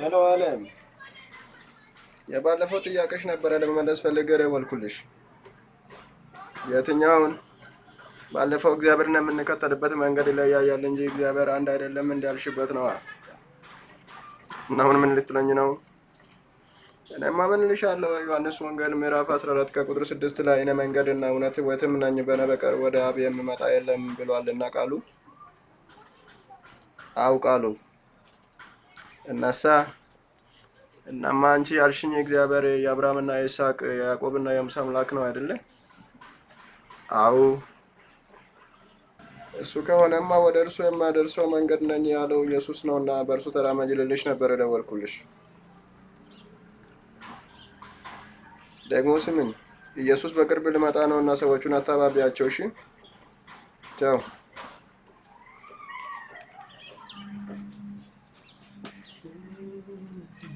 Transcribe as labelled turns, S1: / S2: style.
S1: ሄሎ አለም፣ የባለፈው ጥያቄሽ ነበረ ለመመለስ ፈልጌ ደወልኩልሽ። የትኛውን? ባለፈው እግዚአብሔርን የምንከተልበት መንገድ ይለያያል እንጂ እግዚአብሔር አንድ አይደለም እንዳልሽበት ነዋ። እና አሁን ምን ልትለኝ ነው? እኔማ ምን እልሻለሁ፣ ዮሐንስ ወንጌል ምዕራፍ 14 ከቁጥር 6 ላይ እኔ መንገድና እውነት ሕይወትም ነኝ፣ በእኔ በቀር ወደ አብ የሚመጣ የለም ብሏልና ቃሉ አውቃለሁ እናሳ እናማ አንቺ ያልሽኝ እግዚአብሔር የአብርሃምና የይስሐቅ የያዕቆብና የሙሳ አምላክ ነው አይደለ? አዎ እሱ ከሆነማ ወደ እርሱ የማደርሰው መንገድ ነኝ ያለው ኢየሱስ ነው እና በእርሱ ተራመጅ ልልሽ ነበር ደወልኩልሽ። ደግሞ ስምን ኢየሱስ በቅርብ ልመጣ ነው እና ሰዎቹን አታባቢያቸው። እሺ ቻው። Mm-hmm.